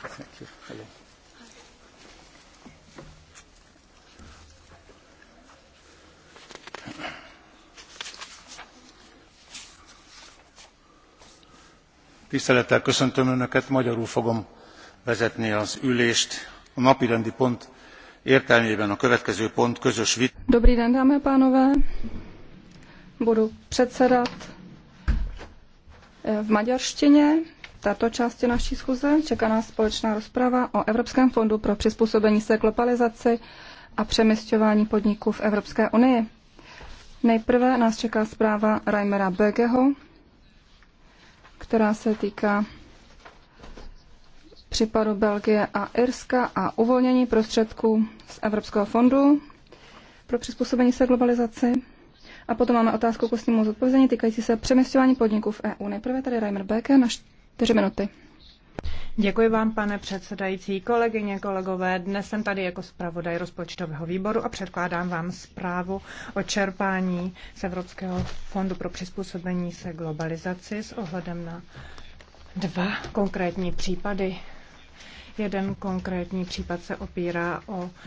Thank you. Hello. tisztelettel köszöntöm önöket magyarul fogom vezetni az ülést a napirendi pont értelmében a következő pont közös vita. Dobrý den, dámy a pánové. Budu předsedat eh, v maďarštině této části naší schůze. Čeká nás společná rozprava o Evropském fondu pro přizpůsobení se globalizaci a přemysťování podniků v Evropské unii. Nejprve nás čeká zpráva Reimera Bögeho, která se týká případu Belgie a Irska a uvolnění prostředků z Evropského fondu pro přizpůsobení se globalizaci. A potom máme otázku k ústnímu zodpovězení týkající se přeměstňování podniků v EU. Nejprve tady Reimer Beke, naš. 4 minuty. Děkuji vám, pane předsedající, kolegyně, kolegové. Dnes jsem tady jako zpravodaj rozpočtového výboru a předkládám vám zprávu o čerpání z Evropského fondu pro přizpůsobení se globalizaci s ohledem na dva konkrétní případy. Jeden konkrétní případ se opírá o